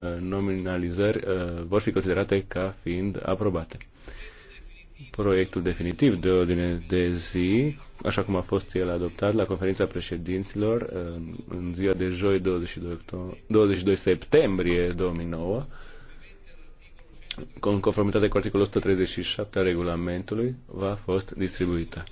Uh, nominalizări uh, vor fi considerate ca fiind aprobate. Proiectul definitiv de ordine de zi, așa cum a fost el adoptat la conferința președinților uh, în ziua de joi 22, 22 septembrie 2009, în conformitate cu articolul 137 al regulamentului, va fost distribuită.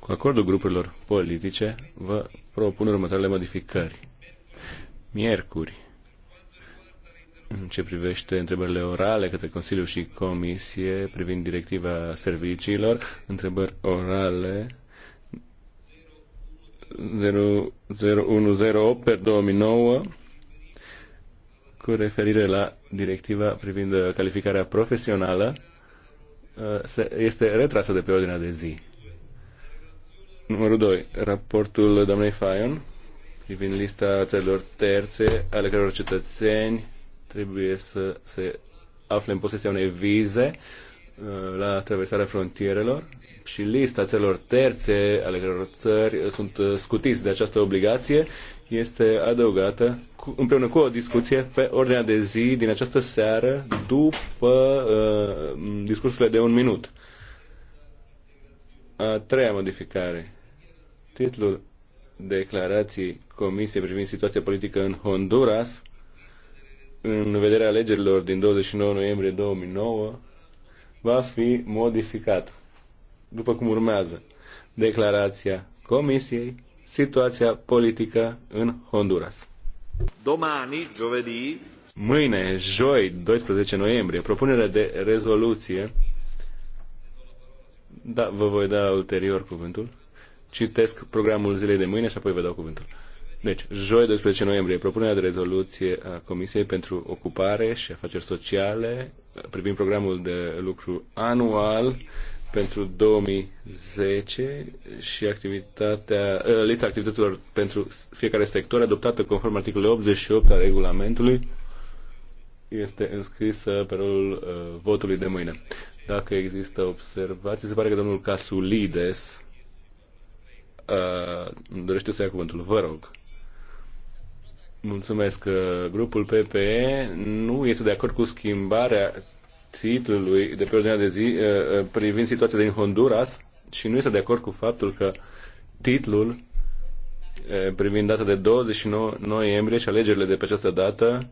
Cu acordul grupurilor politice, vă propun următoarele modificări. Miercuri, în ce privește întrebările orale către Consiliu și Comisie privind directiva serviciilor, întrebări orale 0108 per 2009 cu referire la directiva privind calificarea profesională este retrasă de pe ordinea de zi. Numărul 2. Raportul doamnei Fayon privind lista țărilor terțe ale căror cetățeni trebuie să se afle în posesia unei vize uh, la traversarea frontierelor și lista țărilor terțe ale căror țări sunt uh, scutiți de această obligație este adăugată cu, împreună cu o discuție pe ordinea de zi din această seară după uh, discursurile de un minut. A treia modificare. Titlul declarației Comisiei privind situația politică în Honduras în vederea alegerilor din 29 noiembrie 2009 va fi modificat, după cum urmează declarația Comisiei, situația politică în Honduras. Domani, jovedi. mâine, joi, 12 noiembrie, propunerea de rezoluție. Da, vă voi da ulterior cuvântul. Citesc programul zilei de mâine și apoi vă dau cuvântul. Deci, joi 12 noiembrie, propunerea de rezoluție a Comisiei pentru Ocupare și Afaceri Sociale privind programul de lucru anual pentru 2010 și activitatea, ă, lista activităților pentru fiecare sector adoptată conform articolului 88 al regulamentului este înscrisă pe rolul uh, votului de mâine. Dacă există observații, se pare că domnul Casulides uh, dorește să ia cuvântul. Vă rog. Mulțumesc. Uh, grupul PPE nu este de acord cu schimbarea titlului de pe ordinea de zi uh, uh, privind situația din Honduras și nu este de acord cu faptul că titlul privind data de 29 noiembrie și alegerile de pe această dată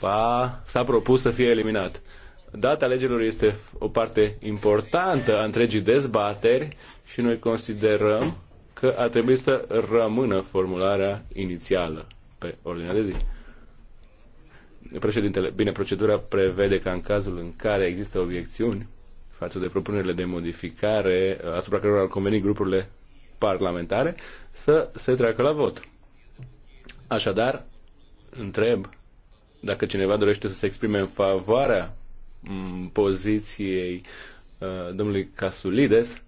va, s-a propus să fie eliminat. Data alegerilor este o parte importantă a întregii dezbateri și noi considerăm că a trebuit să rămână formularea inițială pe ordinea de zi. Președintele, bine, procedura prevede că în cazul în care există obiecțiuni față de propunerile de modificare uh, asupra cărora ar conveni grupurile parlamentare, să se treacă la vot. Așadar, întreb dacă cineva dorește să se exprime în favoarea mm, poziției uh, domnului Casulides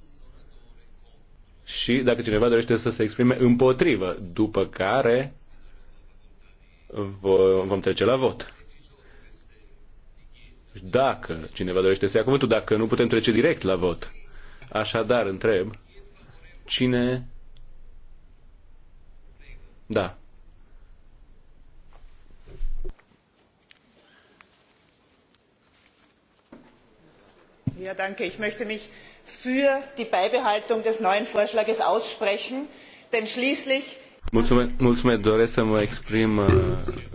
și dacă cineva dorește să se exprime împotrivă, după care vom trece la vot. Dacă cineva dorește să ia cuvântul, dacă nu putem trece direct la vot. Așadar, întreb, cine... Da. Ja, danke. Ich möchte mich für die Beibehaltung des neuen Vorschlags aussprechen, denn schließlich Mulțumesc, mulțumesc, doresc să mă exprim uh,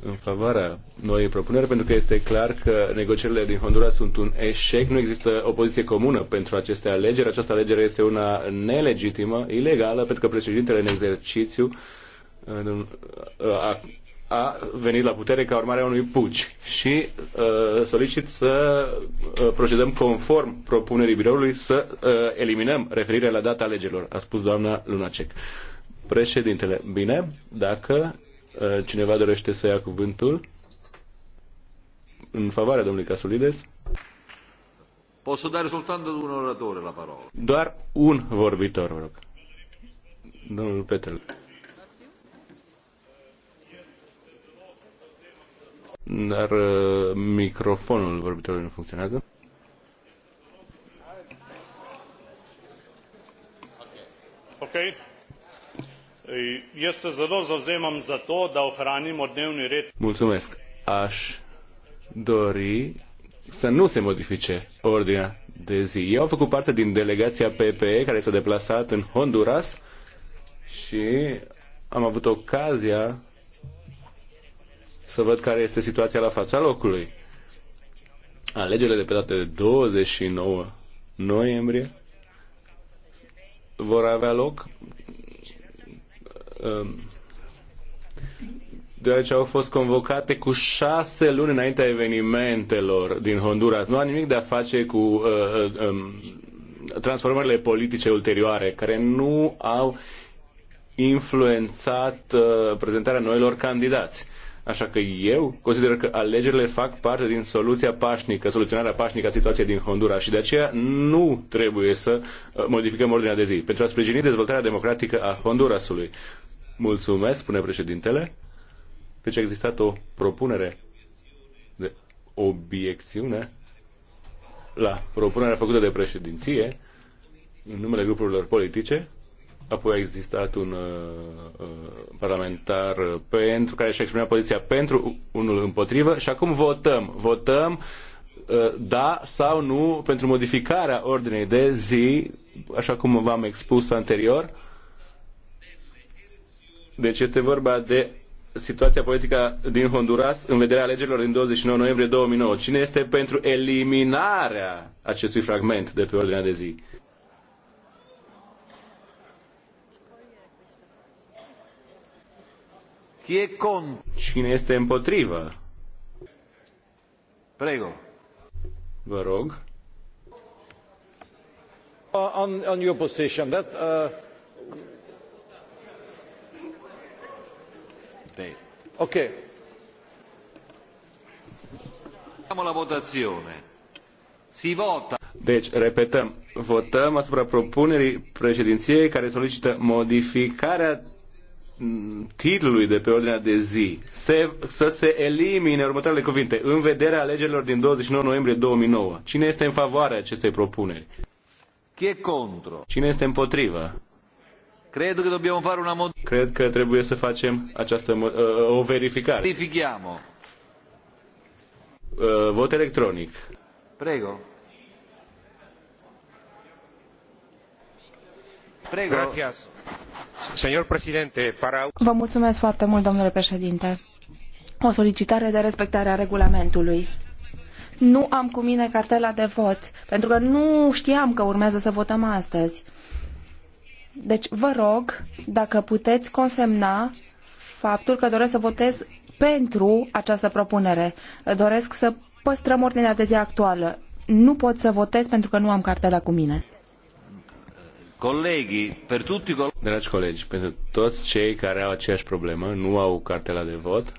în favoarea noii propuneri, pentru că este clar că negocierile din Honduras sunt un eșec, nu există opoziție comună pentru aceste alegeri, această alegere este una nelegitimă, ilegală, pentru că președintele în exercițiu uh, uh, a venit la putere ca urmare a unui puci și uh, solicit să uh, procedăm conform propunerii biroului să uh, eliminăm referirea la data alegerilor, a spus doamna Lunacek. Președintele, bine, dacă uh, cineva dorește să ia cuvântul în favoarea domnului Casulides. să dare rezultat de un oratore la parola. Doar un vorbitor, vă rog. Domnul Petel. Dar uh, microfonul vorbitorului nu funcționează. Ok. Jaz se zelo zavzemam za to, da ohranimo dnevni red. Mulțumesc. Aș dori să nu se modifice ordinea de zi. Eu am făcut parte din delegația PPE care s-a deplasat în Honduras și am avut ocazia să văd care este situația la fața locului. Alegerile de pe data de 29 noiembrie vor avea loc um, deoarece au fost convocate cu șase luni înaintea evenimentelor din Honduras. Nu a nimic de a face cu uh, uh, um, transformările politice ulterioare, care nu au influențat uh, prezentarea noilor candidați. Așa că eu consider că alegerile fac parte din soluția pașnică, soluționarea pașnică a situației din Honduras și de aceea nu trebuie să uh, modificăm ordinea de zi pentru a sprijini dezvoltarea democratică a Hondurasului. Mulțumesc, spune președintele. Deci a existat o propunere de obiecțiune la propunerea făcută de președinție în numele grupurilor politice. Apoi a existat un uh, uh, parlamentar pentru care și-a exprimat poziția pentru, unul împotrivă și acum votăm. Votăm uh, da sau nu pentru modificarea ordinei de zi, așa cum v-am expus anterior. Deci este vorba de situația politică din Honduras în vederea alegerilor din 29 noiembrie 2009. Cine este pentru eliminarea acestui fragment de pe ordinea de zi? Cine este împotrivă? Prego. Vă rog. Uh, on, on your position, that... Uh... Ok. La votazione. Si vota. Deci, repetăm, votăm asupra propunerii președinției care solicită modificarea titlului de pe ordinea de zi se, să se elimine următoarele cuvinte în vederea alegerilor din 29 noiembrie 2009. Cine este în favoarea acestei propuneri? Che contro? Cine este împotrivă? Cred că dobbiamo fare una mod- Cred că trebuie să facem această uh, uh, o verificare. Verifichiamo. Uh, vot electronic. Prego. Prego. Gracias. Vă mulțumesc foarte mult, domnule președinte. O solicitare de respectare a regulamentului. Nu am cu mine cartela de vot, pentru că nu știam că urmează să votăm astăzi. Deci vă rog, dacă puteți consemna faptul că doresc să votez pentru această propunere. Doresc să păstrăm ordinea de zi actuală. Nu pot să votez pentru că nu am cartela cu mine. Dragi colegi, pentru toți cei care au aceeași problemă, nu au cartela de vot,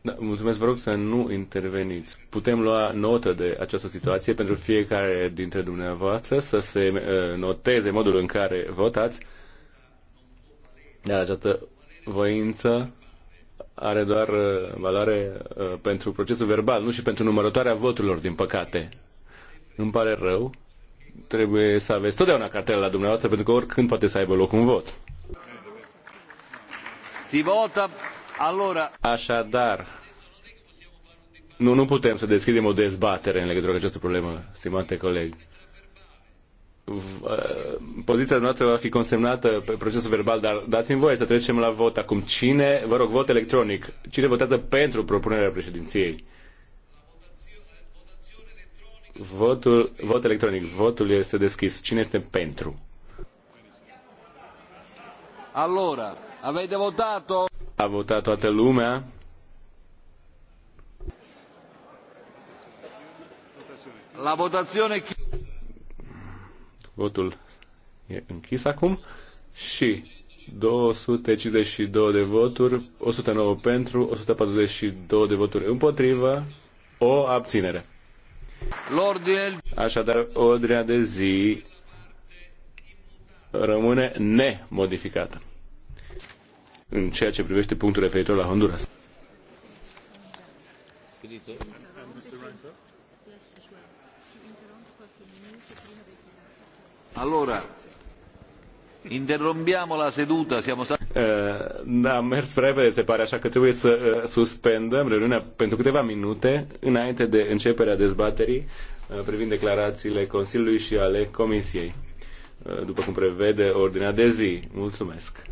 da, mulțumesc, vă rog să nu interveniți. Putem lua notă de această situație pentru fiecare dintre dumneavoastră să se uh, noteze modul în care votați. Dar această voință are doar uh, valoare uh, pentru procesul verbal, nu și pentru numărătoarea voturilor, din păcate. Îmi pare rău, trebuie să aveți totdeauna cartela la dumneavoastră, pentru că oricând poate să aibă loc un vot. Si vota, allora... Așadar, nu, nu putem să deschidem o dezbatere în legătură cu această problemă, stimate coleg. Poziția noastră va fi consemnată pe procesul verbal, dar dați-mi voie să trecem la vot acum. Cine, vă rog, vot electronic. Cine votează pentru propunerea președinției? Votul, vot electronic. Votul este deschis. Cine este pentru? Allora, avete votato? A votat toată lumea. La votazione Votul e închis acum și 252 de voturi, 109 pentru, 142 de voturi împotrivă, o abținere. Așadar, ordinea de zi rămâne nemodificată în ceea ce privește punctul referitor la Honduras. Allora, interrompiamo la seduta, siamo stati... Da, uh, am mers prea repede, se pare, așa că trebuie să uh, suspendăm reuniunea pentru câteva minute înainte de începerea dezbaterii uh, privind declarațiile Consiliului și ale Comisiei, după cum prevede ordinea de zi. Mulțumesc!